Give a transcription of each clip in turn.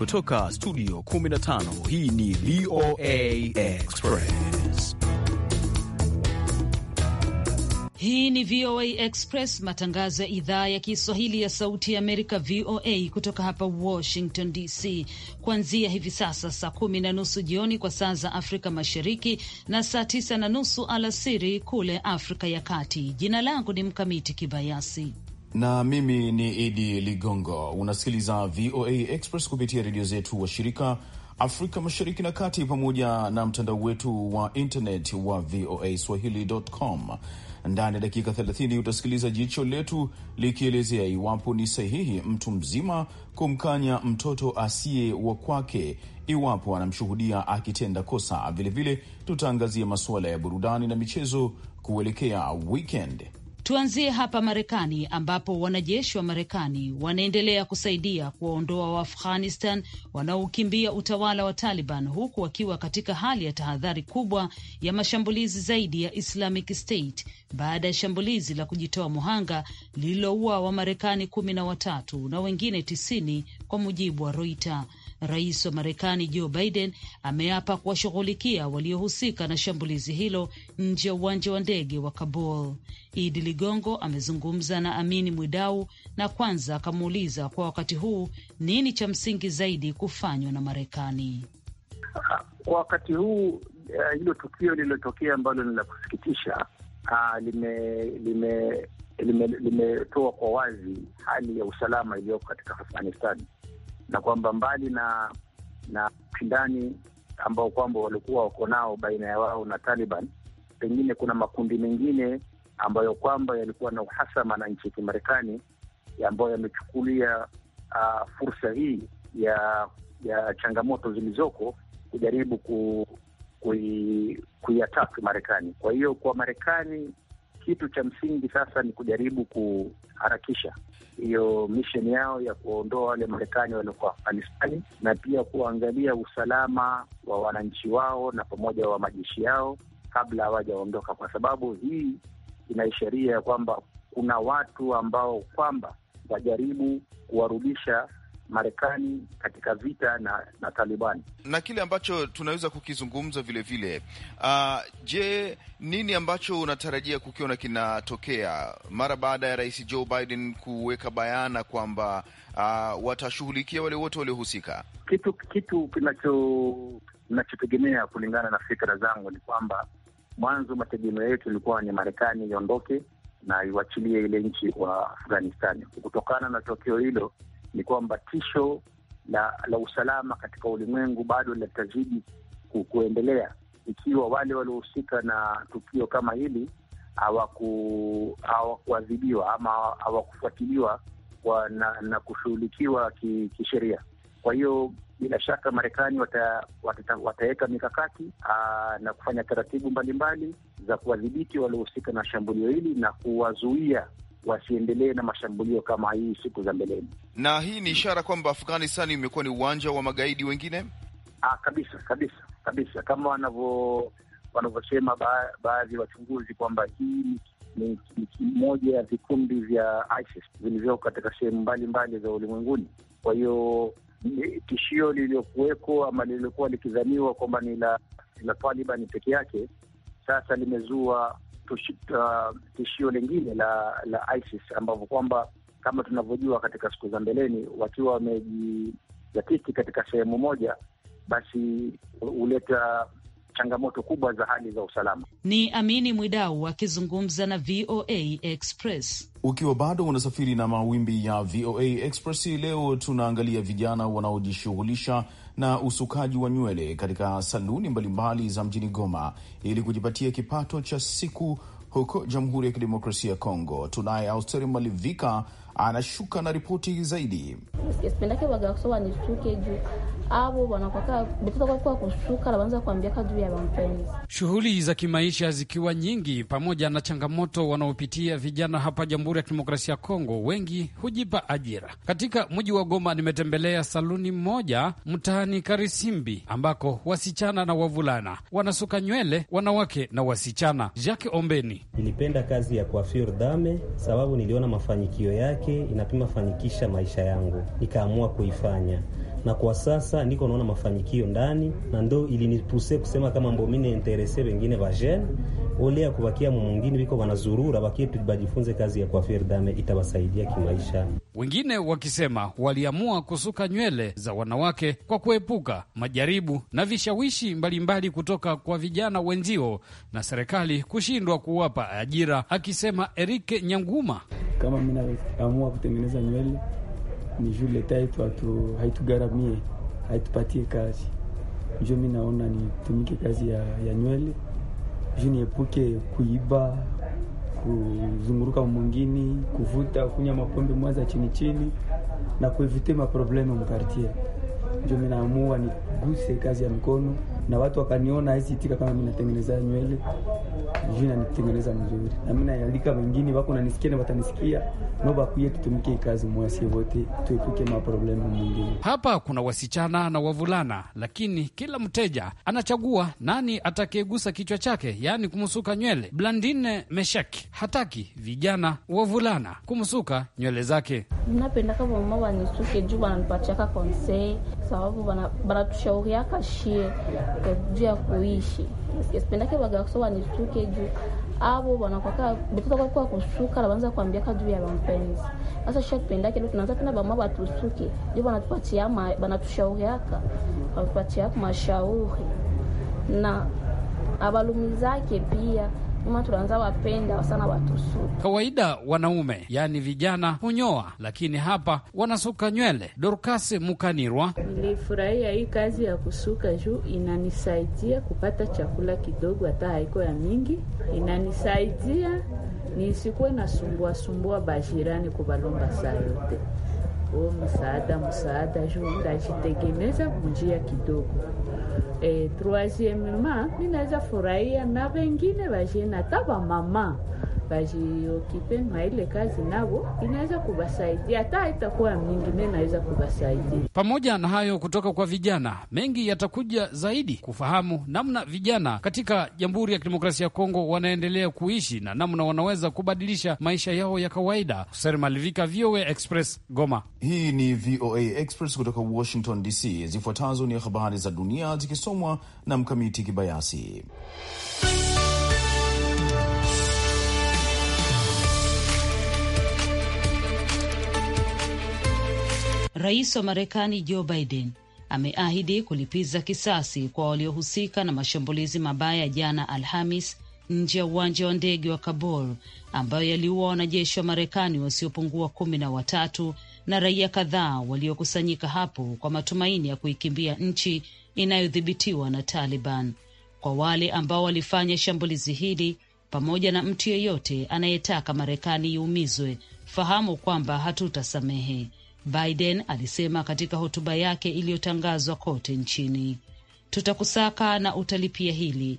kutoka studio 15 hii ni VOA Express. Hii ni VOA Express, matangazo ya idhaa ya Kiswahili ya Sauti ya Amerika, VOA, kutoka hapa Washington DC, kuanzia hivi sasa saa kumi na nusu jioni kwa saa za Afrika Mashariki na saa tisa na nusu alasiri kule Afrika ya Kati. Jina langu ni Mkamiti Kibayasi na mimi ni Idi Ligongo. Unasikiliza VOA Express kupitia redio zetu wa shirika Afrika Mashariki na Kati, pamoja na mtandao wetu wa internet wa VOA Swahili.com. Ndani ya dakika 30 utasikiliza jicho letu likielezea iwapo ni sahihi mtu mzima kumkanya mtoto asiye wa kwake iwapo anamshuhudia akitenda kosa. Vilevile tutaangazia masuala ya burudani na michezo kuelekea weekend. Tuanzie hapa Marekani, ambapo wanajeshi wa Marekani wanaendelea kusaidia kuwaondoa Waafghanistan wanaokimbia utawala wa Taliban, huku wakiwa katika hali ya tahadhari kubwa ya mashambulizi zaidi ya Islamic State baada ya shambulizi la kujitoa muhanga lililoua Wamarekani kumi na watatu na wengine tisini, kwa mujibu wa Reuters. Rais wa Marekani Joe Biden ameapa kuwashughulikia waliohusika na shambulizi hilo nje ya uwanja wa ndege wa Kabul. Idi Ligongo amezungumza na Amini Mwidau na kwanza akamuuliza kwa wakati huu nini cha msingi zaidi kufanywa na Marekani kwa wakati huu. Eh, hilo uh, tukio lililotokea ambalo ni la kusikitisha uh, lime limetoa lime, lime kwa wazi hali ya usalama iliyoko katika Afghanistan na kwamba mbali na na ushindani ambao kwamba walikuwa wako nao baina ya wao na Taliban, pengine kuna makundi mengine ambayo kwamba yalikuwa na uhasama na nchi ya Kimarekani ambayo yamechukulia uh, fursa hii ya ya changamoto zilizoko kujaribu ku, kui, Marekani. Kwa hiyo kwa Marekani kitu cha msingi sasa ni kujaribu kuharakisha hiyo mission yao ya kuwaondoa wale Marekani waliokuwa Afghanistani na pia kuwaangalia usalama wa wananchi wao na pamoja wa majeshi yao kabla hawajaondoka, kwa sababu hii ina sheria ya kwamba kuna watu ambao kwamba wajaribu kuwarudisha Marekani katika vita na, na Taliban na kile ambacho tunaweza kukizungumza vilevile. Uh, ah, je, nini ambacho unatarajia kukiona kinatokea mara baada ya Rais Joe Biden kuweka bayana kwamba uh, watashughulikia wale wote waliohusika? Kitu kitu kinacho kulingana na fikra zangu ni kwamba mwanzo mategemeo yetu ilikuwa ni Marekani iondoke na iwachilie ile nchi wa Afghanistani. Kutokana na tokeo hilo ni kwamba tisho la, la usalama katika ulimwengu bado litazidi kuendelea ikiwa wale waliohusika na tukio kama hili hawakuadhibiwa ama hawakufuatiliwa na, na kushughulikiwa kisheria ki kwa hiyo bila shaka Marekani wataweka wata, wata mikakati aa, na kufanya taratibu mbalimbali za kuwadhibiti waliohusika na shambulio hili na kuwazuia wasiendelee na mashambulio kama hii siku za mbeleni. Na hii ni ishara kwamba Afghanistan imekuwa ni uwanja wa magaidi wengine. Ah, kabisa kabisa kabisa, kama wanavyo wanavyosema baadhi ya wachunguzi kwamba hii ni moja ya vikundi vya ISIS vilivyoko katika sehemu mbalimbali za ulimwenguni. Kwa hiyo tishio lililokuweko ama lililokuwa likidhaniwa kwamba ni la Taliban peke yake, sasa limezua uh, tishio lingine la la ISIS ambavyo kwamba kama tunavyojua katika siku za mbeleni, wakiwa wamejizatiti katika sehemu moja, basi huleta changamoto kubwa za hali za usalama. Ni Amini Mwidau akizungumza na VOA Express. Ukiwa bado unasafiri na mawimbi ya VOA Express, leo tunaangalia vijana wanaojishughulisha na usukaji wa nywele katika saluni mbalimbali za mjini Goma ili kujipatia kipato cha siku huko Jamhuri ya Kidemokrasia ya Kongo. Tunaye Austeri Malivika anashuka na ripoti zaidi. sipendake juu avo wanakwaka kushuka nawanza kuambiaka juu ya mapenzi. Shughuli za kimaisha zikiwa nyingi, pamoja na changamoto wanaopitia vijana hapa Jamhuri ya Kidemokrasia ya Kongo, wengi hujipa ajira katika mji wa Goma. Nimetembelea saluni moja mtaani Karisimbi ambako wasichana na wavulana wanasuka nywele, wanawake na wasichana. Jacques Ombeni: nilipenda kazi ya kuafir dame sababu niliona mafanikio yake yake inapima fanikisha maisha yangu, nikaamua kuifanya na kwa sasa ndiko naona mafanikio ndani, na ndo ilinipuse kusema kama mbomine interese wengine jeune ole ya kubakia mumungini viko wanazurura bakie tubajifunze kazi ya coiffure dame itawasaidia kimaisha. Wengine wakisema waliamua kusuka nywele za wanawake kwa kuepuka majaribu na vishawishi mbalimbali mbali kutoka kwa vijana wenzio na serikali kushindwa kuwapa ajira, akisema Erike Nyanguma, kama mimi naamua kutengeneza nywele ni juu leta yetu hatu haitugharamie haitupatie kazi. Njo mi naona nitumike kazi ya, ya nywele juu niepuke kuiba, kuzunguruka mwingine, kuvuta, kunya mapombe mwaza chini chini na kuevite maprobleme mkartie. Njo mi naamua ni niguse kazi ya mkono, na watu wakaniona hizi tika kama mimi natengeneza nywele juu nitengeneza mzuri, na mimi naalika wengine wako nanisikia na watanisikia no kuye, tutumike kazi mwasi wote, tuepuke maproblemu mwingine. Hapa kuna wasichana na wavulana, lakini kila mteja anachagua nani atakayegusa kichwa chake, yaani kumsuka nywele. Blandine Meshaki hataki vijana wavulana kumsuka nywele zake. Napenda kama mama wanisuke juu wananipatia konsei sababu banatusha shauri yake ashie eh, juu ya kuishi sipendake baga kusoma nituke juu abo banakwaka bitoto kwa kwa kusuka labanza kuambia ka juu ya mpenzi sasa shia pendake leo tunaanza tena bama batusuke ndio banatupatia banatushauri haka banapatia mashauri na abalumizake zake pia Uma tunaanza wapenda sana watusu. Kawaida wanaume yaani vijana hunyoa, lakini hapa wanasuka nywele. Dorcas Mukanirwa: nilifurahia hii kazi ya kusuka juu inanisaidia kupata chakula kidogo, hata haiko ya mingi, inanisaidia nisikuwe nasumbuasumbua bajirani kuvalomba saa yote. O oh, msaada, msaada juu ndajitegemeza kunjia kidogo Eh, troisieme ma ninaweza furahia na wengine wajina tava mama bajiokipee na ile kazi nabo inaweza kubasaidia, hata itakuwa mingi me naweza kubasaidia. Pamoja na hayo, kutoka kwa vijana mengi yatakuja zaidi kufahamu namna vijana katika Jamhuri ya Kidemokrasia ya Kongo wanaendelea kuishi na namna wanaweza kubadilisha maisha yao ya kawaida. Ser Malivika, VOA Express, Goma. Hii ni VOA Express kutoka Washington DC. Zifuatazo ni habari za dunia zikisomwa na Mkamiti Kibayasi. Rais wa Marekani Joe Biden ameahidi kulipiza kisasi kwa waliohusika na mashambulizi mabaya jana Alhamis nje ya uwanja wa ndege wa Kabul ambayo yaliua wanajeshi wa Marekani wasiopungua kumi na watatu na raia kadhaa waliokusanyika hapo kwa matumaini ya kuikimbia nchi inayodhibitiwa na Taliban. Kwa wale ambao walifanya shambulizi hili pamoja na mtu yeyote anayetaka Marekani iumizwe, fahamu kwamba hatutasamehe. Biden alisema katika hotuba yake iliyotangazwa kote nchini, tutakusaka na utalipia hili.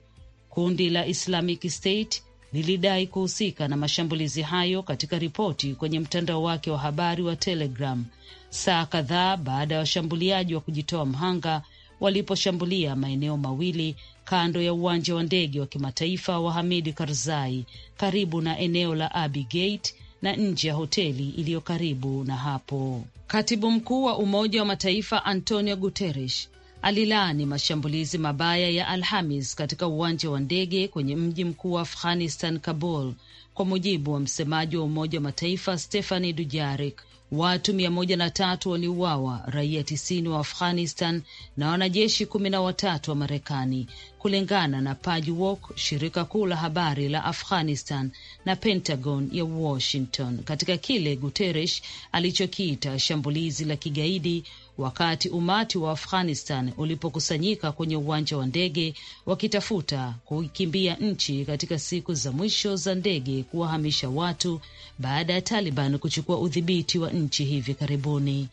Kundi la Islamic State lilidai kuhusika na mashambulizi hayo katika ripoti kwenye mtandao wake wa habari wa Telegram saa kadhaa baada ya washambuliaji wa kujitoa mhanga waliposhambulia maeneo mawili kando ya uwanja wa ndege wa kimataifa wa Hamid Karzai karibu na eneo la Abi Gate na nje ya hoteli iliyo karibu na hapo. Katibu mkuu wa Umoja wa Mataifa Antonio Guterres alilaani mashambulizi mabaya ya Alhamis katika uwanja wa ndege kwenye mji mkuu wa Afghanistan, Kabul, kwa mujibu wa msemaji wa Umoja wa Mataifa stephani dujarik Watu mia moja na tatu waliuawa, raia tisini wa Afghanistan na wanajeshi kumi na watatu wa Marekani, kulingana na Pajwok, shirika kuu la habari la Afghanistan na Pentagon ya Washington, katika kile Guterres alichokiita shambulizi la kigaidi wakati umati wa Afghanistan ulipokusanyika kwenye uwanja wa ndege wakitafuta kukimbia nchi katika siku za mwisho za ndege kuwahamisha watu baada ya Taliban kuchukua udhibiti wa nchi hivi karibuni.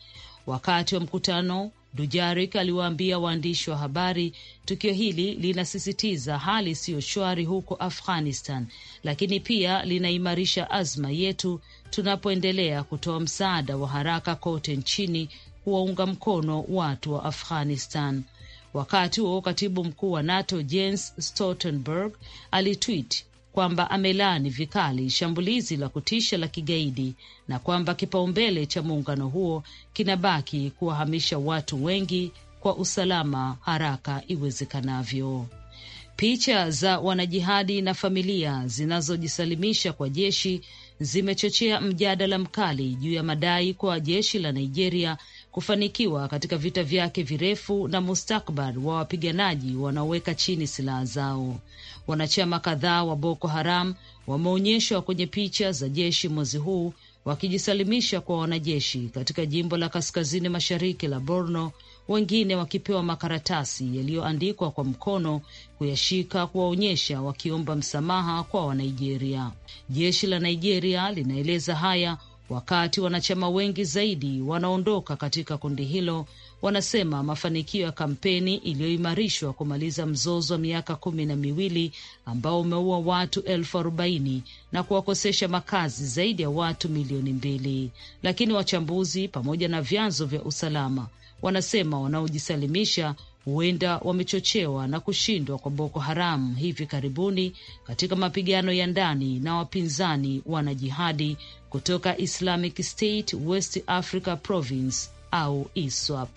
Wakati wa mkutano Dujarik aliwaambia waandishi wa habari, tukio hili linasisitiza hali isiyo shwari huko Afghanistan, lakini pia linaimarisha azma yetu tunapoendelea kutoa msaada wa haraka kote nchini kuwaunga mkono watu wa Afghanistan. Wakati huo katibu mkuu wa NATO Jens Stoltenberg alitwit kwamba amelaani vikali shambulizi la kutisha la kigaidi na kwamba kipaumbele cha muungano huo kinabaki kuwahamisha watu wengi kwa usalama haraka iwezekanavyo. Picha za wanajihadi na familia zinazojisalimisha kwa jeshi zimechochea mjadala mkali juu ya madai kwa jeshi la Nigeria kufanikiwa katika vita vyake virefu na mustakbar wa wapiganaji wanaoweka chini silaha zao. Wanachama kadhaa wa Boko Haram wameonyeshwa kwenye picha za jeshi mwezi huu wakijisalimisha kwa wanajeshi katika jimbo la kaskazini mashariki la Borno, wengine wakipewa makaratasi yaliyoandikwa kwa mkono kuyashika kuwaonyesha wakiomba msamaha kwa Wanigeria. Jeshi la Nigeria linaeleza haya wakati wanachama wengi zaidi wanaondoka katika kundi hilo. Wanasema mafanikio ya kampeni iliyoimarishwa kumaliza mzozo wa miaka kumi na miwili ambao umeua watu elfu arobaini na kuwakosesha makazi zaidi ya watu milioni mbili, lakini wachambuzi pamoja na vyanzo vya usalama wanasema wanaojisalimisha huenda wamechochewa na kushindwa kwa Boko Haram hivi karibuni katika mapigano ya ndani na wapinzani wanajihadi kutoka Islamic State West Africa Province au ISWAP.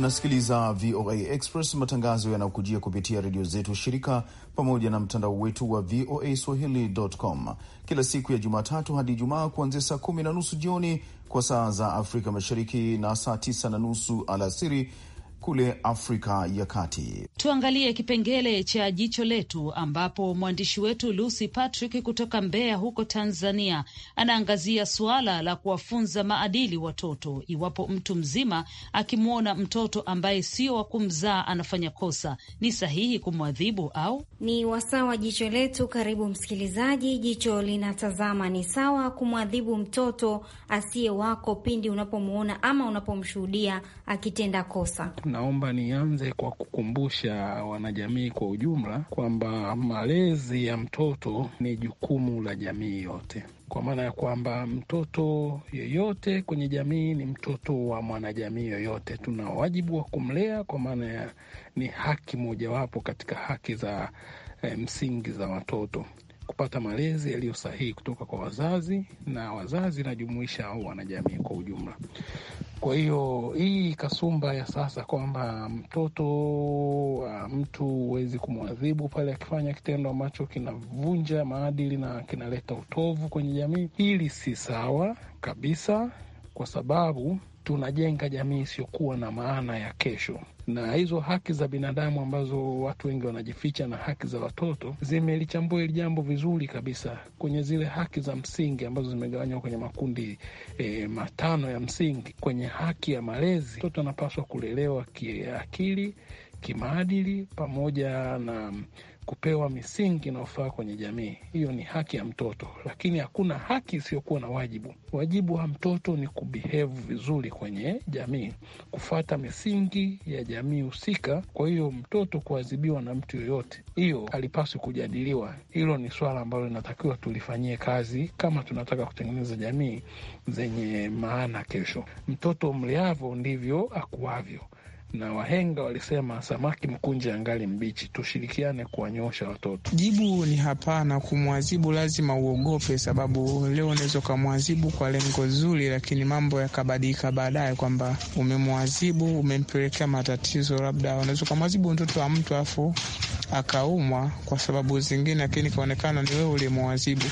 Unasikiliza VOA Express, matangazo yanayokujia kupitia redio zetu shirika pamoja na mtandao wetu wa VOA Swahili.com kila siku ya Jumatatu hadi Ijumaa kuanzia saa kumi na nusu jioni kwa saa za Afrika Mashariki na saa tisa na nusu alasiri kule Afrika ya Kati. Tuangalie kipengele cha jicho letu, ambapo mwandishi wetu Lucy Patrick kutoka Mbeya huko Tanzania anaangazia suala la kuwafunza maadili watoto. Iwapo mtu mzima akimwona mtoto ambaye sio wa kumzaa anafanya kosa, ni sahihi kumwadhibu au ni wasawa? Jicho letu, karibu msikilizaji. Jicho linatazama ni sawa kumwadhibu mtoto asiye wako pindi unapomwona ama unapomshuhudia akitenda kosa naomba nianze kwa kukumbusha wanajamii kwa ujumla kwamba malezi ya mtoto ni jukumu la jamii yote, kwa maana ya kwamba mtoto yoyote kwenye jamii ni mtoto wa mwanajamii yoyote. Tuna wajibu wa kumlea, kwa maana ya ni haki mojawapo katika haki za eh, msingi za watoto kupata malezi yaliyo sahihi kutoka kwa wazazi, na wazazi najumuisha au wanajamii kwa ujumla. Kwa hiyo hii kasumba ya sasa kwamba mtoto mtu huwezi kumwadhibu pale akifanya kitendo ambacho kinavunja maadili na kinaleta utovu kwenye jamii, hili si sawa kabisa, kwa sababu tunajenga jamii isiyokuwa na maana ya kesho na hizo haki za binadamu ambazo watu wengi wanajificha na haki za watoto zimelichambua hili jambo vizuri kabisa kwenye zile haki za msingi ambazo zimegawanywa kwenye makundi e, matano ya msingi. Kwenye haki ya malezi, mtoto anapaswa kulelewa kiakili, kimaadili pamoja na kupewa misingi inayofaa kwenye jamii. Hiyo ni haki ya mtoto, lakini hakuna haki isiyokuwa na wajibu. Wajibu wa mtoto ni kubehave vizuri kwenye jamii, kufuata misingi ya jamii husika. Kwa hiyo mtoto kuadhibiwa na mtu yoyote, hiyo halipaswi kujadiliwa. Hilo ni swala ambalo linatakiwa tulifanyie kazi kama tunataka kutengeneza jamii zenye maana kesho. Mtoto mleavo ndivyo akuavyo na wahenga walisema samaki mkunje angali mbichi, tushirikiane kuwanyosha watoto. Jibu ni hapana. Kumwazibu lazima uogope, sababu leo unaweza ukamwazibu kwa lengo zuri, lakini mambo yakabadilika baadaye, kwamba umemwazibu, umempelekea matatizo. Labda unaweza ukamwazibu mtoto wa mtu afu akaumwa kwa sababu zingine, lakini ikaonekana ni wewe ulimwazibu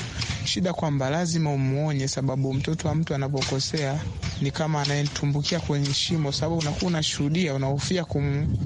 shida kwamba lazima umuonye, sababu mtoto wa mtu anapokosea ni kama anayetumbukia kwenye shimo, sababu unakuwa unashuhudia, unahofia kum,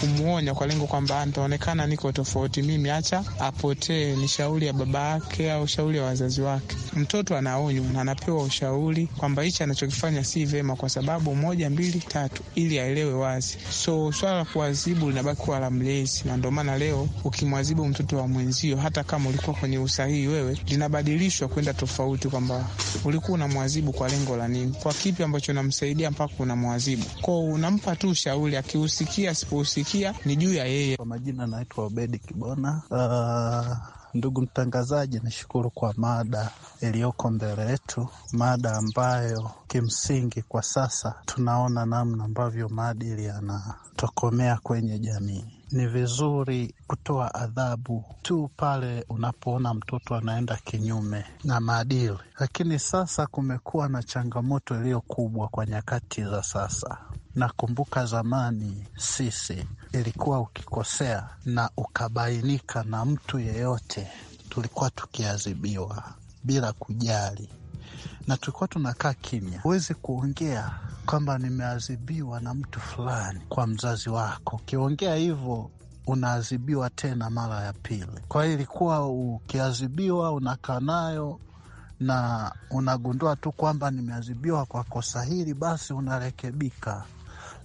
kumuonya kwa lengo kwamba nitaonekana niko tofauti mimi, acha apotee. Ni shauri ya baba yake au shauri ya wazazi wake. Mtoto anaonywa na anapewa ushauri kwamba hichi anachokifanya si vema, kwa sababu moja, mbili, tatu, ili aelewe wazi. So swala la kuadhibu linabaki kuwa la mlezi, na ndio maana leo ukimwadhibu mtoto wa mwenzio, hata kama ulikuwa kwenye usahihi wewe, linabaki kubadilishwa kwenda tofauti, kwamba ulikuwa unamwazibu kwa lengo la nini, kwa kipi ambacho namsaidia mpaka unamwazibu kwao. Unampa tu ushauri, akihusikia asipohusikia ni juu ya yeye. Kwa majina anaitwa Obedi Kibona. Uh... Ndugu mtangazaji, nishukuru kwa mada iliyoko mbele yetu, mada ambayo kimsingi kwa sasa tunaona namna ambavyo maadili yanatokomea kwenye jamii. Ni vizuri kutoa adhabu tu pale unapoona mtoto anaenda kinyume na maadili, lakini sasa kumekuwa na changamoto iliyo kubwa kwa nyakati za sasa Nakumbuka zamani sisi, ilikuwa ukikosea na ukabainika na mtu yeyote, tulikuwa tukiadhibiwa bila kujali, na tulikuwa tunakaa kimya. Huwezi kuongea kwamba nimeadhibiwa na mtu fulani kwa mzazi wako. Ukiongea hivyo unaadhibiwa tena mara ya pili. Kwa hiyo ilikuwa ukiadhibiwa unakaa nayo na unagundua tu kwamba nimeadhibiwa kwa kosa hili, basi unarekebika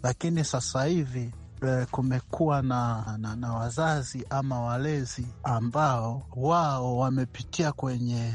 lakini sasa hivi eh, kumekuwa na, na, na wazazi ama walezi ambao wao wamepitia kwenye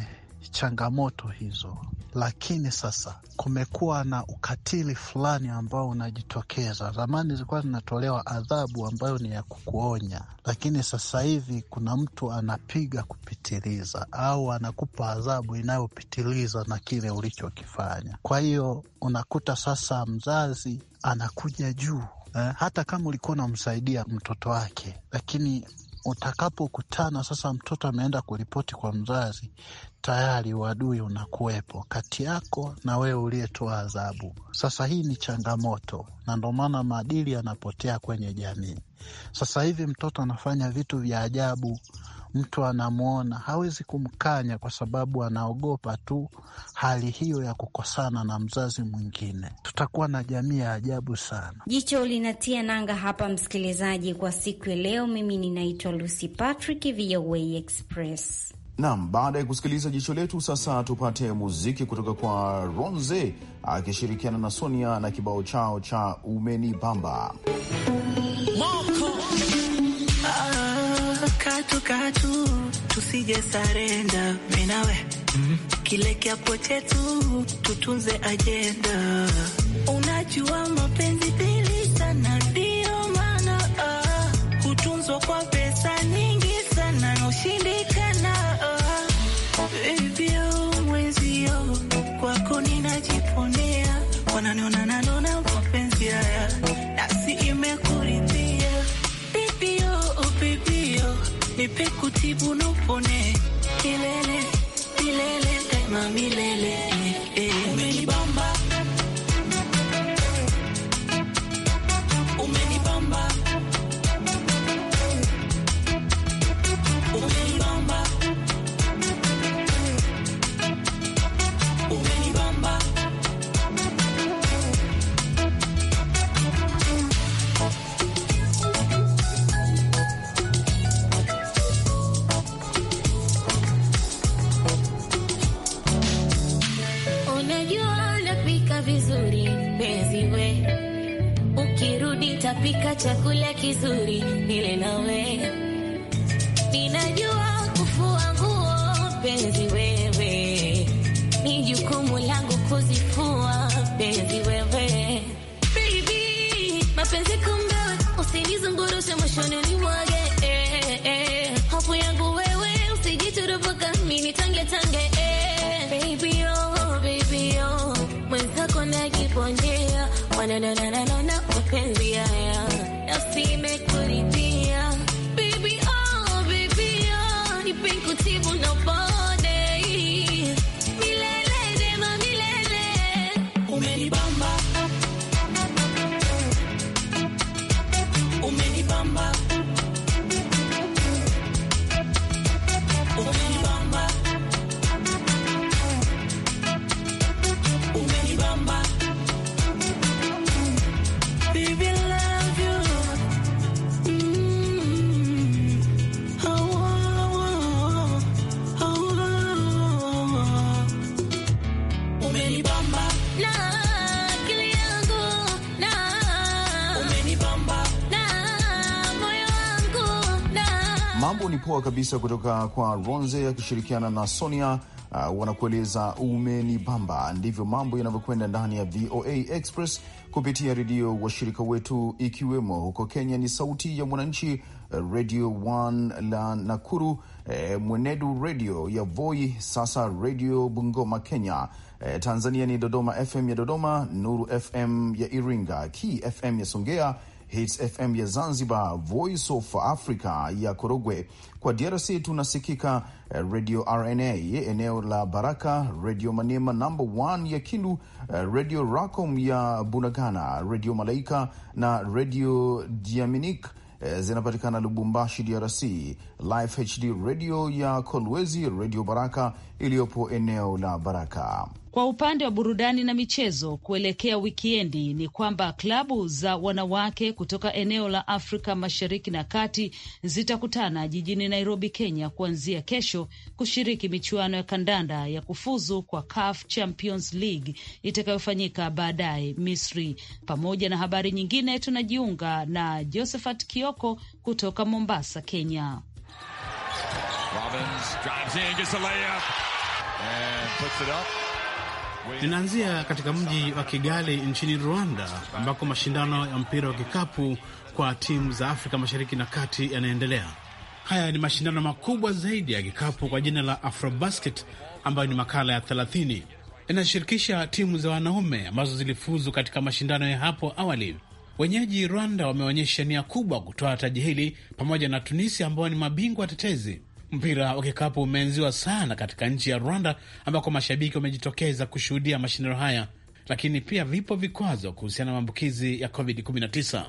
changamoto hizo, lakini sasa kumekuwa na ukatili fulani ambao unajitokeza. Zamani zilikuwa zinatolewa adhabu ambayo ni ya kukuonya, lakini sasa hivi kuna mtu anapiga kupitiliza au anakupa adhabu inayopitiliza na kile ulichokifanya. Kwa hiyo unakuta sasa mzazi anakuja juu eh, hata kama ulikuwa unamsaidia mtoto wake, lakini utakapokutana sasa, mtoto ameenda kuripoti kwa mzazi, tayari uadui unakuwepo kati yako na wewe uliyetoa adhabu. Sasa hii ni changamoto, na ndo maana maadili yanapotea kwenye jamii. Sasa hivi mtoto anafanya vitu vya ajabu mtu anamwona hawezi kumkanya, kwa sababu anaogopa tu hali hiyo ya kukosana na mzazi mwingine. Tutakuwa na jamii ya ajabu sana. Jicho linatia nanga hapa, msikilizaji, kwa siku ya leo. Mimi ninaitwa Lucy Patrick, VOA Express. Nam, baada ya kusikiliza jicho letu, sasa tupate muziki kutoka kwa Ronze akishirikiana na Sonia na kibao chao cha umenibamba. tukatu tusije sarenda minawe Kile kiapo chetu tutunze ajenda. Unajua mapenzi pili sana, ndio maana hutunzwa ah, kwa pesa nyingi sana na hivyo ah. mwenzio kwako ninajiponea wananiona nanona nipe kutibu nupone milele milele, daima milele Wananana, mapenzi haya poa kabisa kutoka kwa Ronze akishirikiana na Sonia. Uh, wanakueleza umeni bamba. Ndivyo mambo yanavyokwenda ndani ya VOA Express kupitia redio washirika wetu, ikiwemo huko Kenya ni Sauti ya Mwananchi Radio 1 la Nakuru, eh, Mwenedu Radio ya Voi, sasa Radio Bungoma Kenya. Eh, Tanzania ni Dodoma FM ya Dodoma, Nuru FM ya Iringa, kfm ya Songea Hits FM ya Zanzibar, Voice of Africa ya Korogwe. Kwa DRC tunasikika eh, Radio RNA eneo la Baraka, Radio Manema namba 1 ya Kindu, eh, Radio Racom ya Bunagana, Radio Malaika na Radio Diaminik eh, zinapatikana Lubumbashi, DRC, Live HD Radio ya Kolwezi, Radio Baraka iliyopo eneo la Baraka. Kwa upande wa burudani na michezo kuelekea wikiendi ni kwamba klabu za wanawake kutoka eneo la Afrika Mashariki na Kati zitakutana jijini Nairobi, Kenya kuanzia kesho kushiriki michuano ya kandanda ya kufuzu kwa CAF Champions League itakayofanyika baadaye Misri. Pamoja na habari nyingine, tunajiunga na Josephat Kioko kutoka Mombasa, Kenya. Robbins drives in, gets a layup and puts it up. Ninaanzia katika mji wa Kigali nchini Rwanda, ambako mashindano ya mpira wa kikapu kwa timu za Afrika Mashariki na Kati yanaendelea. Haya ni mashindano makubwa zaidi ya kikapu kwa jina la Afrobasket, ambayo ni makala ya 30 inashirikisha timu za wanaume ambazo zilifuzu katika mashindano ya hapo awali. Wenyeji Rwanda wameonyesha nia kubwa kutoa taji hili pamoja na Tunisia ambao ni mabingwa tetezi. Mpira wa kikapu umeenziwa sana katika nchi ya Rwanda ambako mashabiki wamejitokeza kushuhudia mashindano haya, lakini pia vipo vikwazo kuhusiana na maambukizi ya COVID-19.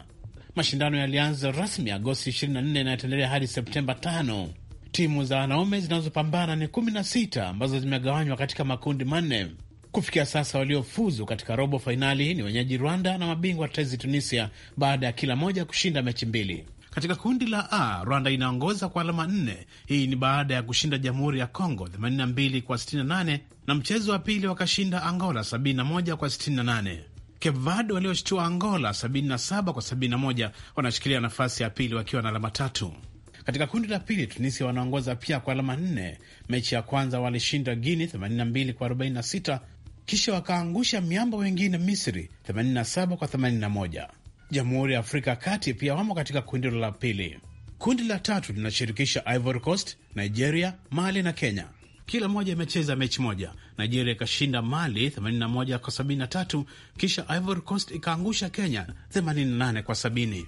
Mashindano yalianza rasmi Agosti 24 na yataendelea hadi Septemba 5. Timu za wanaume zinazopambana ni 16 ambazo zimegawanywa katika makundi manne. Kufikia sasa waliofuzu katika robo fainali ni wenyeji Rwanda na mabingwa tetezi Tunisia baada ya kila moja kushinda mechi mbili. Katika kundi la A, Rwanda inaongoza kwa alama nne. Hii ni baada ya kushinda Jamhuri ya Kongo 82 kwa 68 na mchezo wa pili wakashinda Angola 71 kwa 68. Cape Verde walioshtua Angola 77 kwa 71 wanashikilia nafasi ya pili wakiwa na alama tatu. Katika kundi la pili Tunisia wanaongoza pia kwa alama nne. Mechi ya kwanza walishinda Guini 82 kwa 46, kisha wakaangusha miamba wengine Misri 87 kwa 81. Jamhuri ya Afrika ya Kati pia wamo katika kundi la pili. Kundi la tatu linashirikisha Ivory Coast, Nigeria, Mali na Kenya. Kila moja imecheza mechi moja. Nigeria ikashinda Mali 81 kwa 73, kisha Ivory Coast ikaangusha Kenya 88 kwa 70.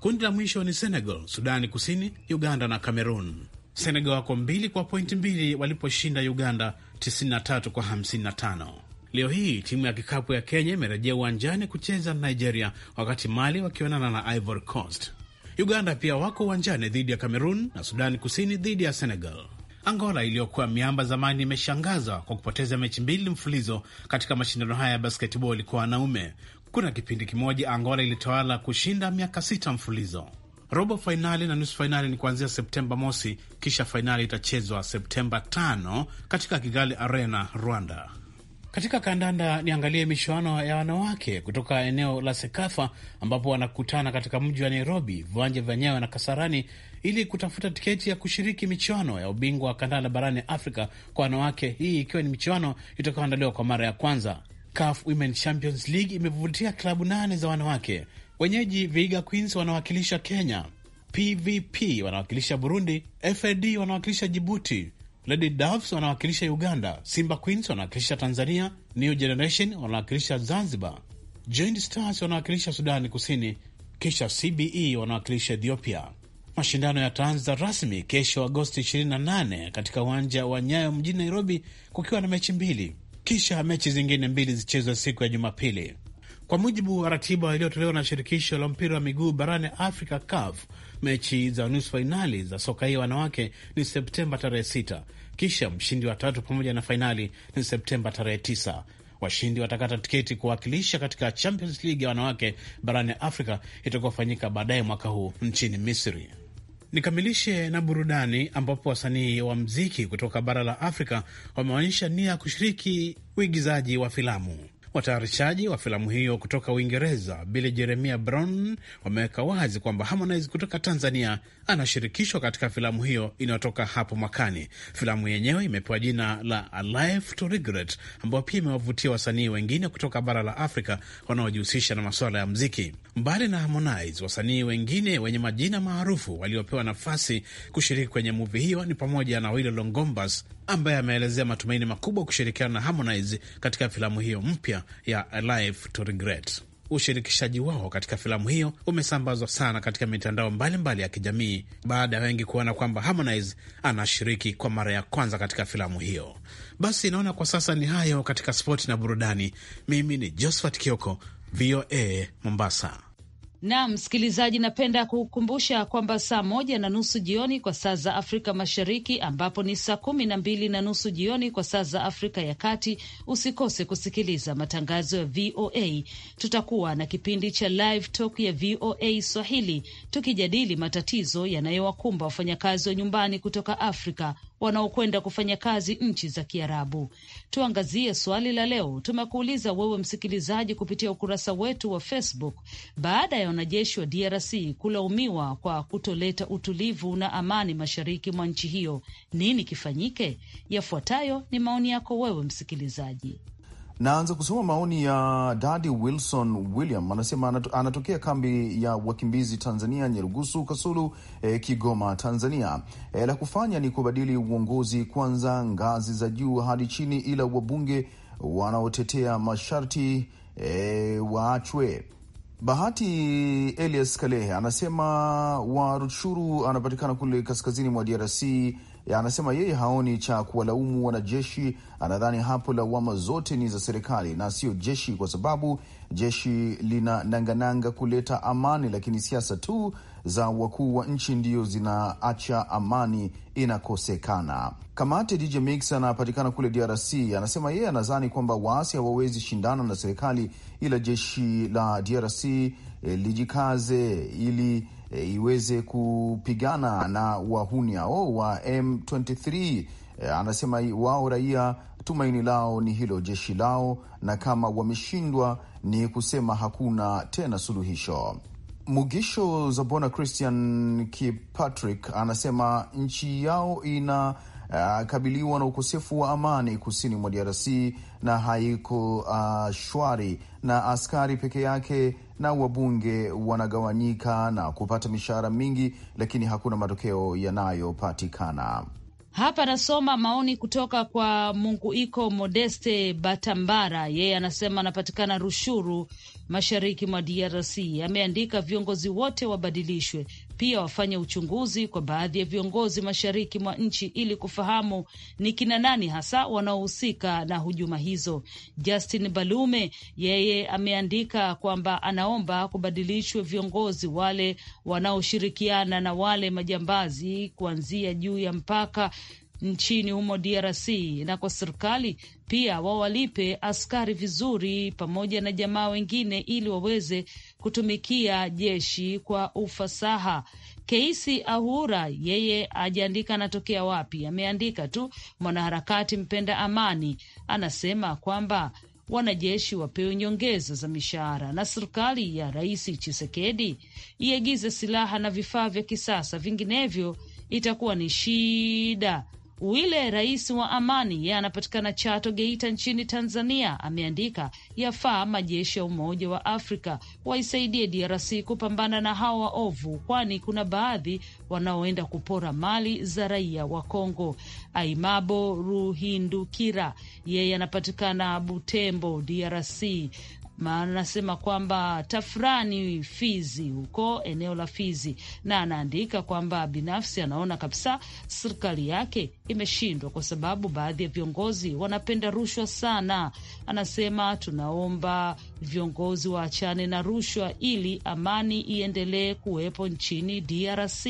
Kundi la mwisho ni Senegal, Sudani Kusini, Uganda na Cameroon. Senegal wako mbili kwa pointi mbili waliposhinda Uganda 93 kwa 55. Leo hii timu ya kikapu ya Kenya imerejea uwanjani kucheza Nigeria, wakati Mali wakionana na Ivory Coast. Uganda pia wako uwanjani dhidi ya Cameroon na Sudani Kusini dhidi ya Senegal. Angola iliyokuwa miamba zamani imeshangaza kwa kupoteza mechi mbili mfulizo katika mashindano haya ya basketball kwa wanaume. Kuna kipindi kimoja Angola ilitawala kushinda miaka sita mfulizo. Robo fainali na nusu fainali ni kuanzia Septemba mosi, kisha fainali itachezwa Septemba tano katika Kigali Arena, Rwanda. Katika kandanda niangalie michuano ya wanawake kutoka eneo la Sekafa ambapo wanakutana katika mji wa Nairobi, viwanja vyenyewe na Kasarani ili kutafuta tiketi ya kushiriki michuano ya ubingwa wa kandanda barani Afrika kwa wanawake, hii ikiwa ni michuano itakayoandaliwa kwa mara ya kwanza. CAF Women Champions League imevutia klabu nane za wanawake. Wenyeji Viga Queens wanawakilisha Kenya, PVP wanawakilisha Burundi, FAD wanawakilisha Jibuti, Lady Doves wanawakilisha Uganda, Simba Queens wanawakilisha Tanzania, New Generation wanawakilisha Zanzibar, Joint Stars wanawakilisha Sudani Kusini, kisha CBE wanawakilisha Ethiopia. Mashindano yataanza rasmi kesho Agosti 28 katika uwanja wa Nyayo mjini Nairobi, kukiwa na mechi mbili, kisha mechi zingine mbili zichezwe siku ya Jumapili, kwa mujibu wa ratiba iliyotolewa na shirikisho la mpira wa miguu barani Afrika, CAF. Mechi za nusu fainali za soka hii wanawake ni Septemba tarehe 6, kisha mshindi wa tatu pamoja na fainali ni Septemba tarehe 9. Washindi watakata tiketi kuwakilisha katika Champions League ya wanawake barani Afrika itakaofanyika baadaye mwaka huu nchini Misri. Nikamilishe na burudani ambapo wasanii wa mziki kutoka bara la Afrika wameonyesha nia ya kushiriki uigizaji wa filamu. Watayarishaji wa filamu hiyo kutoka Uingereza, Billy Jeremia Brown, wameweka wazi kwamba Harmonize kutoka Tanzania anashirikishwa katika filamu hiyo inayotoka hapo mwakani. Filamu yenyewe imepewa jina la life to Regret, ambayo pia imewavutia wasanii wengine kutoka bara la Afrika wanaojihusisha na masuala ya mziki. Mbali na Harmonize, wasanii wengine wenye majina maarufu waliopewa nafasi kushiriki kwenye muvi hiyo ni pamoja na Awilo Longombas ambaye ameelezea matumaini makubwa kushirikiana na Harmonize katika filamu hiyo mpya ya A Life to Regret. Ushirikishaji wao katika filamu hiyo umesambazwa sana katika mitandao mbalimbali mbali ya kijamii baada ya wengi kuona kwamba Harmonize anashiriki kwa mara ya kwanza katika filamu hiyo. Basi naona kwa sasa ni hayo katika spoti na burudani. Mimi ni Josephat Kioko, VOA Mombasa. Na msikilizaji, napenda kukumbusha kwamba saa moja na nusu jioni kwa saa za Afrika Mashariki, ambapo ni saa kumi na mbili na nusu jioni kwa saa za Afrika ya Kati, usikose kusikiliza matangazo ya VOA. Tutakuwa na kipindi cha Live Talk ya VOA Swahili tukijadili matatizo yanayowakumba wafanyakazi wa nyumbani kutoka Afrika wanaokwenda kufanya kazi nchi za Kiarabu. Tuangazie swali la leo. Tumekuuliza wewe msikilizaji kupitia ukurasa wetu wa Facebook, baada ya wanajeshi wa DRC kulaumiwa kwa kutoleta utulivu na amani mashariki mwa nchi hiyo, nini kifanyike? Yafuatayo ni maoni yako wewe msikilizaji. Naanza kusoma maoni ya Dadi Wilson William, anasema anatokea kambi ya wakimbizi Tanzania, Nyerugusu, Kasulu, eh, Kigoma, Tanzania. Eh, la kufanya ni kubadili uongozi kwanza, ngazi za juu hadi chini, ila wabunge wanaotetea masharti eh, waachwe. Bahati Elias Kalehe anasema wa Rutshuru, anapatikana kule kaskazini mwa DRC anasema yeye haoni cha kuwalaumu wanajeshi. Anadhani hapo lawama zote ni za serikali na sio jeshi, kwa sababu jeshi lina nangananga kuleta amani, lakini siasa tu za wakuu wa nchi ndio zinaacha amani inakosekana. Kamate DJ Mix anapatikana kule DRC, anasema yeye anadhani kwamba waasi hawawezi shindana na serikali, ila jeshi la DRC eh, lijikaze ili e, iweze kupigana na wahuni hao wa M23. E, anasema wao raia tumaini lao ni hilo jeshi lao, na kama wameshindwa ni kusema hakuna tena suluhisho. Mugisho Zabona Christian Kipatrick anasema nchi yao ina akabiliwa na ukosefu wa amani kusini mwa DRC na haiko uh, shwari na askari peke yake na wabunge wanagawanyika na kupata mishahara mingi, lakini hakuna matokeo yanayopatikana. Hapa nasoma maoni kutoka kwa mungu iko Modeste Batambara, yeye anasema anapatikana Rushuru, mashariki mwa DRC. Ameandika viongozi wote wabadilishwe, pia wafanye uchunguzi kwa baadhi ya viongozi mashariki mwa nchi ili kufahamu ni kina nani hasa wanaohusika na hujuma hizo. Justin Balume yeye ameandika kwamba anaomba kubadilishwe viongozi wale wanaoshirikiana na wale majambazi kuanzia juu ya mpaka nchini humo DRC na kwa serikali pia wawalipe askari vizuri pamoja na jamaa wengine ili waweze kutumikia jeshi kwa ufasaha. Keisi Ahura yeye ajiandika anatokea wapi, ameandika tu mwanaharakati mpenda amani, anasema kwamba wanajeshi wapewe nyongeza za mishahara na serikali ya Rais Chisekedi iagize silaha na vifaa vya kisasa, vinginevyo itakuwa ni shida Wile, rais wa Amani, yeye anapatikana Chato, Geita nchini Tanzania, ameandika yafaa majeshi ya Umoja wa Afrika waisaidie DRC kupambana na hawa waovu, kwani kuna baadhi wanaoenda kupora mali za raia wa Kongo. Aimabo Ruhindukira, yeye anapatikana Butembo, DRC maana anasema kwamba tafurani Fizi, huko eneo la Fizi, na anaandika kwamba binafsi anaona kabisa serikali yake imeshindwa kwa sababu baadhi ya viongozi wanapenda rushwa sana. Anasema tunaomba viongozi waachane na rushwa ili amani iendelee kuwepo nchini DRC.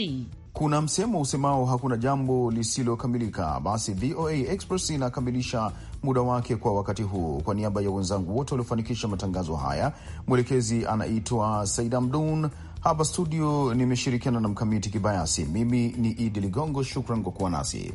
Kuna msemo usemao hakuna jambo lisilokamilika. Basi VOA Express inakamilisha muda wake kwa wakati huu. Kwa niaba ya wenzangu wote waliofanikisha matangazo haya, mwelekezi anaitwa Saida Mdun. Hapa studio nimeshirikiana na Mkamiti Kibayasi. Mimi ni Idi Ligongo, shukran kwa kuwa nasi.